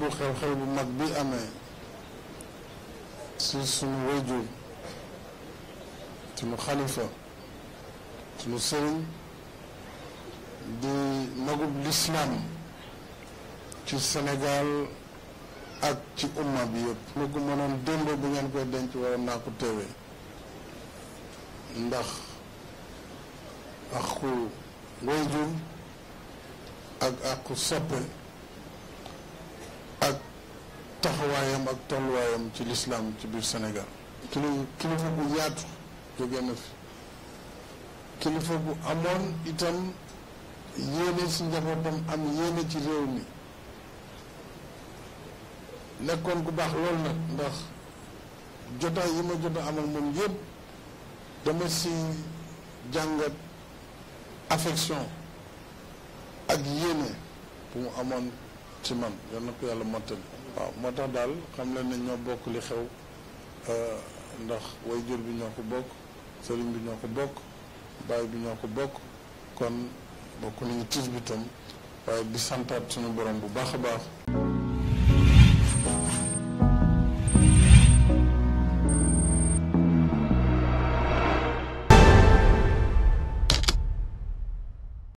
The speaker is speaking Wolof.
bu xew-xew bu mag bi amee si sunu wayjur sunu xalifa sunu sëriñ di magub lislaam ci Sénégal ak ci umma bi yëpp lu ko mënoon démb bu ngeen koy denc waroon naa ko teewee ndax àqu wayjur ak àqu soppe taxawaayam ak tolluwaayam ci l'islam, ci biir Sénégal kilifa bu yaatu na fi kilifa bu itam yéene ci njabootam am yéene ci réew mi nekkoon ku baax loolu nag ndax yi ma a am ak dama jàngat affection ak yéene bu mu ci man yal na ko waaw moo tax daal xam na ne ñoo bokk li xew euh, ndax wayjur bi ñoo ko bokk sëriñ bi ñoo ko bokk baay bi ñoo ko bokk kon bokk nañu tiis bi tam waaye di santaat suñu borom bu baax a baax